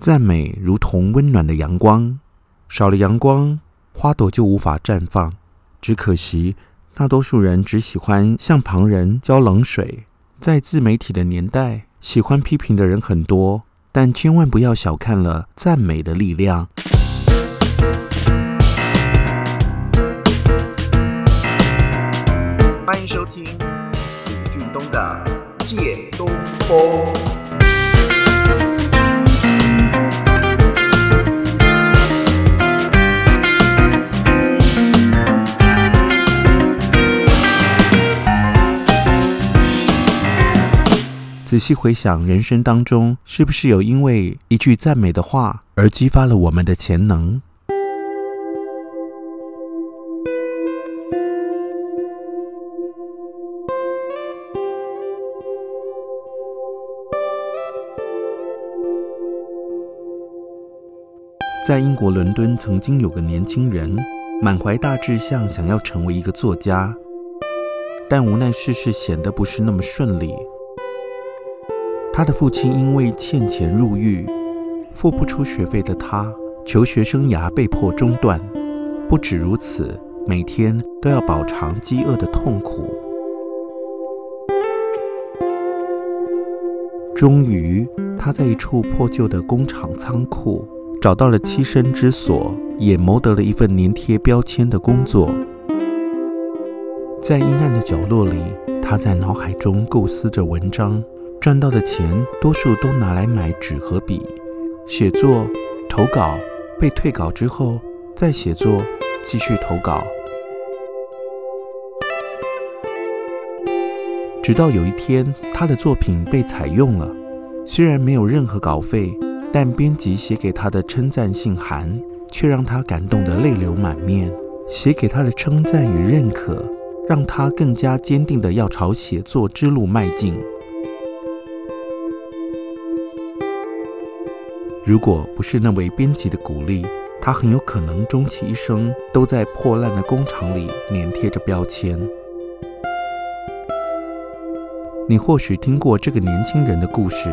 讚美如同溫暖的陽光，少了陽光，花朵就無法綻放。只可惜，大多數人只喜歡向旁人澆冷水。在自媒體的年代，喜歡批評的人很多，但千萬不要小看了讚美的力量。歡迎收聽李俊東的《借東風》。仔細回想人生當中，是不是有因為一句讚美的話而激發了我們的潛能？在英國倫敦，曾經有個年輕人，滿懷大志向，想要成為一個作家，但無奈事事顯得不是那麼順利。他的父親因為欠錢入獄，付不出學費的他，求學生涯被迫中斷。不止如此，每天都要飽嘗飢餓的痛苦。終於，他在一處破舊的工廠倉庫找到了棲身之所，也謀得了一份粘貼標籤的工作。在陰暗的角落裡，他在腦海中構思着文章。賺到的錢，多數都拿來買紙和筆，寫作、投稿、被退稿之後，再寫作、繼續投稿，直到有一天，他的作品被採用了。雖然沒有任何稿費，但編輯寫給他的稱讚信函，却讓他感動的淚流滿面。寫給他的稱讚與認可，讓他更加堅定的要朝寫作之路邁進。如果不是那位編輯的鼓勵，他很有可能終其一生都在破爛的工廠裡粘貼着標籤。你或許聽過這個年輕人的故事，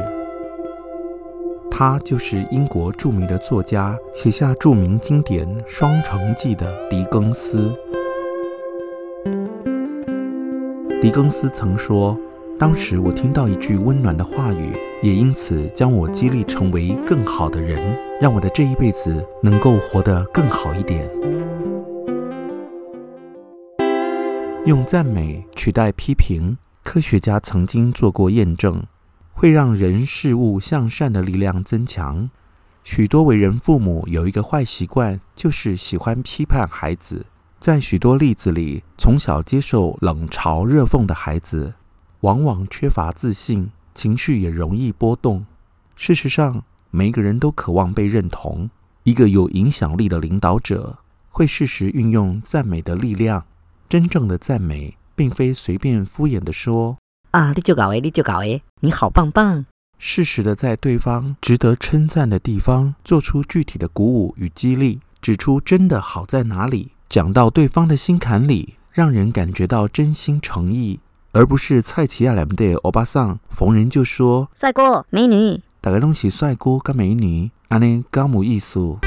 他就是英國著名的作家，寫下著名經典《雙城記》的狄更斯。狄更斯曾說。當時我聽到一句溫暖的話語，也因此將我激勵成為更好的人，讓我的這一輩子能夠活得更好一點。用讚美取代批評，科學家曾經做過驗證，會讓人事物向善的力量增強。許多為人父母有一個壞習慣，就是喜歡批判孩子。在許多例子裡，從小接受冷嘲熱諷的孩子，往往缺乏自信，情緒也容易波動。事實上，每一個人都渴望被認同。一個有影響力的領導者會適時運用讚美的力量。真正的讚美，並非隨便敷衍的說：“啊，你就搞哎，你就搞哎，你好棒棒。”適時的在對方值得稱讚的地方，做出具體的鼓舞與激勵，指出真的好在哪裡，講到對方的心坎裡，讓人感覺到真心誠意。而不是蔡奇亞兩不對，歐巴桑逢人就說“帥哥美女”，大家都是帥哥跟美女，阿尼毫無藝術